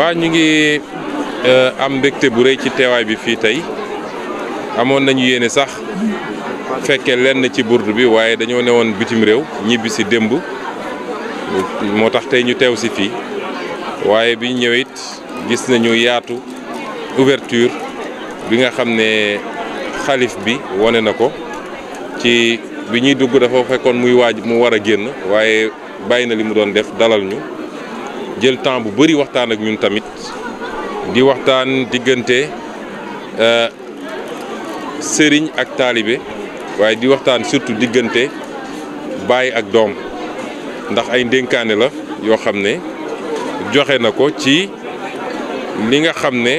waa ñu ngi euh, am mbégte bu rëy ci teewaay bi fii tey amoon nañu yéene sax fekke lenn ci burdu bi waaye dañoo ne woon bitim réew ñibbi si démb moo tax tey ñu teew si fii waaye bi ñëwee it gis nañu yaatu ouverture bi nga xam ne xalif bi wane na ko ci bi ñuy dugg dafa fekkoon muy waaj mu war a génn waaye bàyyi na li mu doon def dalal ñu jël temps bu bari waxtaan ak ñun tamit di waxtaan diggante euh, sëriñ ak taalibe waaye di waxtaan surtout diggante baay ak doom ndax ay dénkaane la yoo xam ne joxe na ko ci li nga xam ne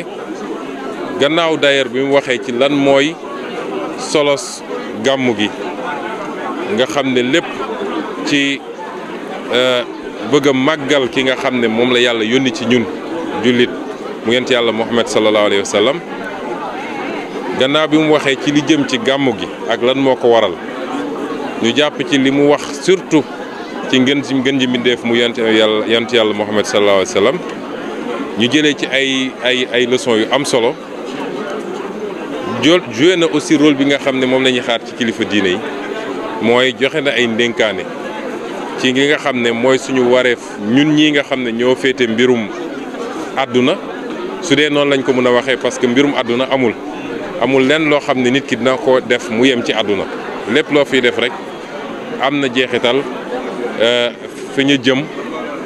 gannaaw dayer bi mu waxee ci lan mooy solos gàmmu gi nga xam ne lépp ci euh, bëgg a màggal ki nga xam ne moom la yàlla yónni ci ñun jullit mu yent yàlla Muhammad sallallahu alayhi wa sallam gannaaw bi mu waxee ci li jëm ci gàmmu gi ak lan moo ko waral ñu jàpp ci li mu wax surtout ci ngën ci ngën ji mbindeef mu yent yàlla yent yàlla Muhammad sallallahu alayhi wa ñu jëlee ci ay ay ay leçons yu am solo joué na aussi rôle bi nga xam ne moom lañuy xaar ci kilifa diine yi mooy joxe na ay ndénkaane ci li nga xam ne mooy suñu wareef ñun ñii nga xam ne ñoo féete mbirum àdduna su dee noonu lañ ko mën a waxee parce que mbirum àdduna amul amul lenn loo xam ne nit ki dina ko def mu yem ci àdduna lépp loo fiy def rek am na jeexital euh, fi ñu jëm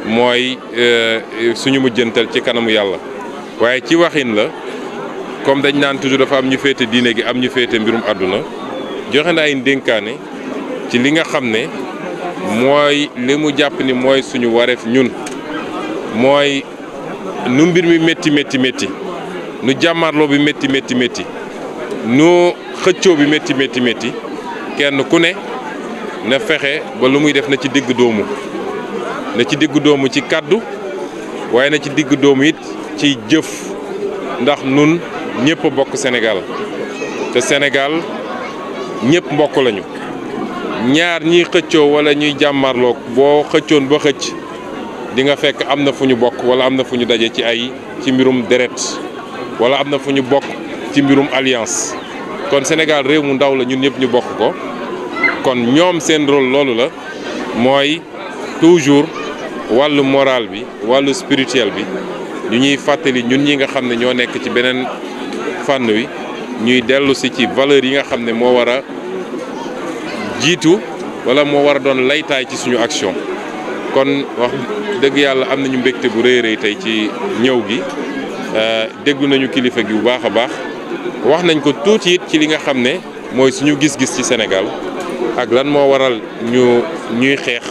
mooy euh, suñu mujjantal ci kanamu yàlla waaye ci waxin la comme dañ naan toujours dafa am ñu féete diine gi am ñu féete mbirum àdduna joxe naa ay ndénkaane ci li nga xam ne mooy li mu jàpp ni mooy suñu wareef ñun mooy nu mbir mi métti métti métti nu jàmmarloo bi métti métti métti nu xëccoo bi métti métti métti kenn ku ne na fexe ba lu muy def na ci digg doomu na ci digg doomu ci kàddu waaye na ci digg doomu it ci jëf ndax nun ñëpp bokk senegal te senegal ñëpp mbokk lañu ñaar ñiy xëccoo wala ñuy jàmmarloog boo xëccoon ba xëcc di nga fekk am na fu ñu bokk wala am na fu ñu daje ci ay ci mbirum deret wala am na fu ñu bokk ci mbirum alliance kon Sénégal réew mu ndaw la ñun ñëpp ñu bokk ko kon ñoom seen rôle loolu la mooy toujours wàllu moral bi wàllu spirituel bi ñu ñuy fàttali ñun ñi nga xam ne ñoo nekk ci beneen fànn wi ñuy dellusi ci valeur yi nga xam ne moo war a jiitu wala moo war a doon laytaay ci suñu action kon wax dëgg yàlla am nañu mbégte bu rëy rëy tey ci ñëw gi euh, déggu nañu kilifa gi bu baax a baax wax nañ ko tuuti it ci li nga xam ne mooy suñu gis-gis ci senegal ak lan moo waral ñu ñuy xeex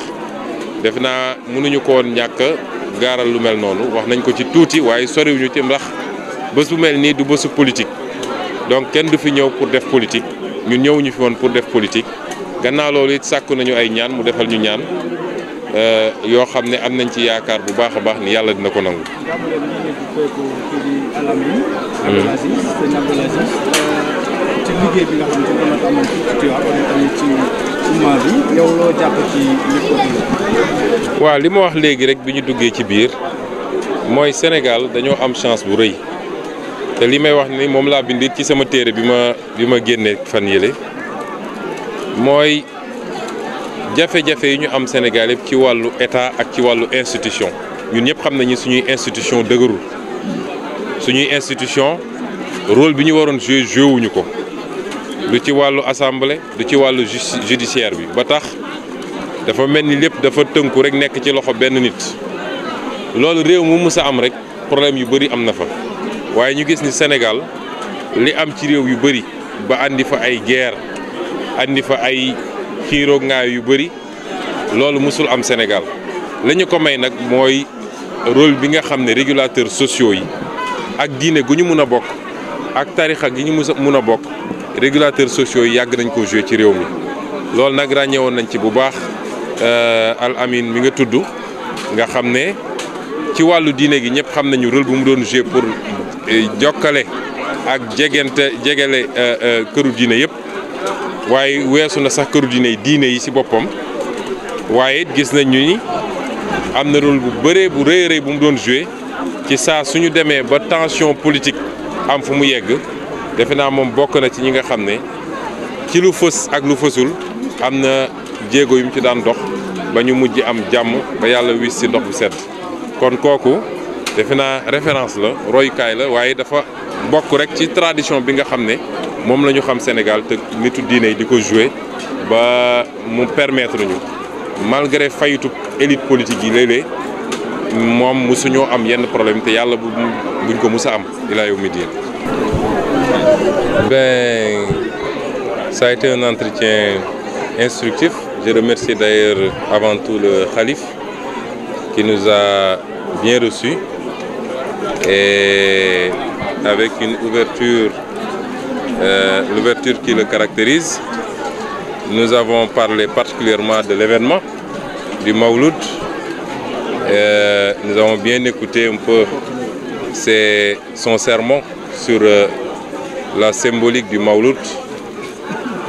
def naa mënuñu ko woon ñàkk gaaral lu mel noonu wax nañ ko ci tuuti waaye soriwuñu ci ndax bés bu mel nii du bésu politique donc kenn du fi ñëw pour def politique ñun ñëwuñu fi woon pour def politique gannaaw loolu it sàkku nañu ay ñaan mu defal ñu ñaan euh, yoo xam ne am nañ ci yaakaar bu baax a baax ni yàlla dina ko nangu. ci waaw li ma wax léegi rek bi ñu duggee ci biir mooy senegal dañoo am chance bu rëy te li may wax ni moom laa bindit ci sama téere bi ma bi ma génnee fan yële. mooy jafe-jafe yi ñu am Sénégal yëpp ci wàllu état ak ci wàllu institution ñun ñëpp xam nañu suñuy institution dëgërul suñuy institution rôle bi ñu waroon joué joué wuñu ko du ci wàllu assemblée du ci wàllu judiciaire bi ba tax dafa mel ni lépp dafa tënku rek nekk ci loxo benn nit loolu réew mu mës a am rek problème yu bëri am na fa waaye ñu gis ni Sénégal li am ci réew yu bëri ba indi fa ay guerre andi fa ay xiiroo ngaay yu bëri loolu musul am Sénégal la ko may nag mooy rôle bi nga xam ne régulateur sociaux yi ak diine gu ñu mun a bokk ak tarixa gi ñu mun a bokk régulateur sociaux yi yàgg nañ ko joué ci réew mi loolu nag ràññewoon nañ ci bu baax euh, Al Amine mi nga tudd nga xam ne ci wàllu diine gi ñëpp xam nañu rôle bu mu doon joué pour euh, jokkale ak jegente jegele euh, këru diine yëpp waaye weesu na sax këru diine diine yi ci boppam waaye gis nañu ni am na rôle bu bëree bu rëy rëy bu mu doon joué ci saa suñu demee ba tension politique am fu mu yegg defe naa moom bokk na ci ñi nga xam ne ci lu fës ak lu fësul am na jéego yu mu ci daan dox ba ñu mujj am jàmm ba yàlla wis ci ndox bu sedd kon kooku defe naa référence la royukaay la waaye dafa bokk rek ci tradition bi nga xam ne moom la ñu xam Sénégal te nitu diine yi di ko jouer ba mu permettre ñu malgré fayitu élite politique yi léeg-léeg moom mosuñoo am yenn problème te yàlla bu buñ ko mos a am ilaa yow mi diin ben ça a un entretien instructif je remercie d'ailleurs avant tout le khalife qui nous a bien reçus et avec une ouverture euh, l'ouverture qui le caractérise. Nous avons parlé particulièrement de l'événement du Maouloud. Euh, nous avons bien écouté un peu ses, son sermon sur euh, la symbolique du Maouloud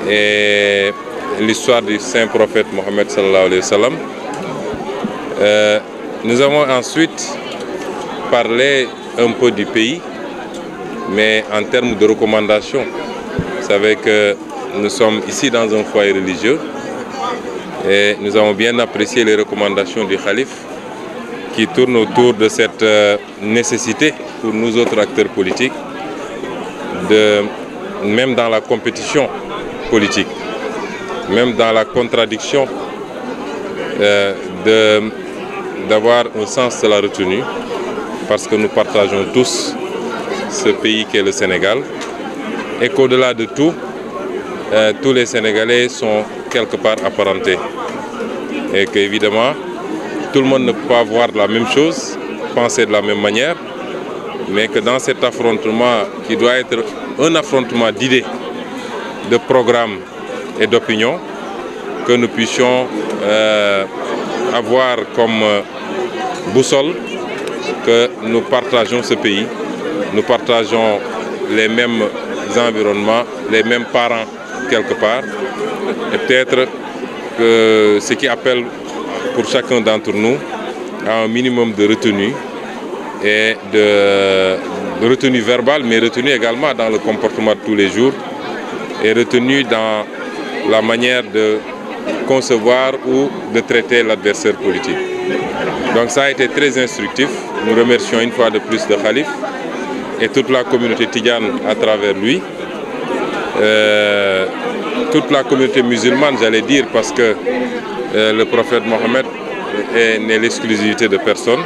et l'histoire du saint prophète Mohammed sallallahu alayhi wa sallam. Euh, nous avons ensuite parlé un peu du pays Mais en termes de recommandations, vous savez que nous sommes ici dans un foyer religieux et nous avons bien apprécié les recommandations du calife qui tournent autour de cette euh, nécessité pour nous autres acteurs politiques, de, même dans la compétition politique, même dans la contradiction, euh, d'avoir un sens de la retenue, parce que nous partageons tous ce pays qu'est le Sénégal et qu'au-delà de tout, euh, tous les Sénégalais sont quelque part apparentés. Et qu'évidemment, tout le monde ne peut pas voir la même chose, penser de la même manière, mais que dans cet affrontement qui doit être un affrontement d'idées, de programmes et d'opinions, que nous puissions euh, avoir comme euh, boussole que nous partageons ce pays Nous partageons les mêmes environnements, les mêmes parents quelque part. Et peut-être que ce qui appelle pour chacun d'entre nous à un minimum de retenue et de, de retenue verbale, mais retenue également dans le comportement de tous les jours et retenue dans la manière de concevoir ou de traiter l'adversaire politique. Donc ça a été très instructif. Nous remercions une fois de plus de Khalif. et toute la communauté tidjane à travers lui, euh, toute la communauté musulmane, j'allais dire, parce que euh, le prophète Mohammed n'est l'exclusivité de personne.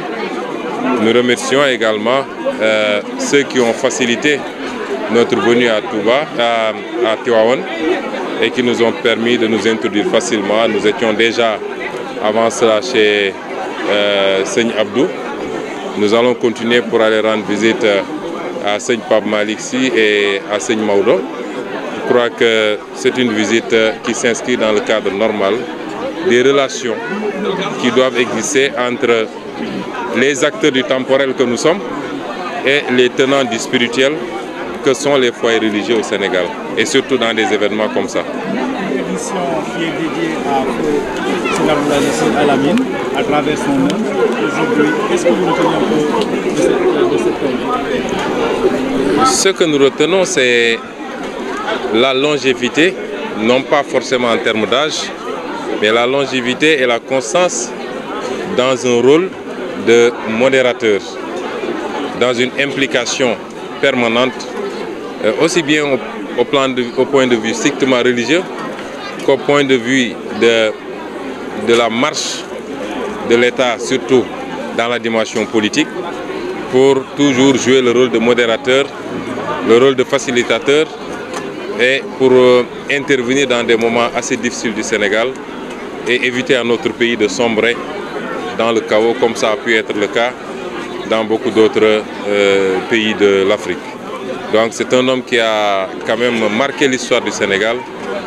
Nous remercions également euh, ceux qui ont facilité notre venue à Touba, à, à Tiwawan, et qui nous ont permis de nous introduire facilement. Nous étions déjà avant cela chez euh, Seigne Abdou. Nous allons continuer pour aller rendre visite euh, à Seigne Pape Malik Sy et à Seigne Maodo. Je crois que c'est une visite qui s'inscrit dans le cadre normal des relations qui doivent exister entre les acteurs du temporel que nous sommes et les tenants du spirituel que sont les foyers religieux au Sénégal, et surtout dans des événements comme ça. émission ce que nous retenons, c'est la longévité, non pas forcément en termes d'âge, mais la longévité et la constance dans un rôle de modérateur, dans une implication permanente, euh, aussi bien au, au de, au point de vue strictement religieux qu'au point de vue de, de la marche de l'État, surtout dans la dimension politique, pour toujours jouer le rôle de modérateur, le rôle de facilitateur et pour euh, intervenir dans des moments assez difficiles du Sénégal et éviter à notre pays de sombrer dans le chaos comme ça a pu être le cas dans beaucoup d'autres euh, pays de l'Afrique. Donc c'est un homme qui a quand même marqué l'histoire du Sénégal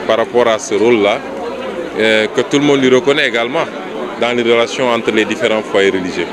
par rapport à ce rôle-là, euh, que tout le monde lui reconnaît également dans les relations entre les différents foyers religieux.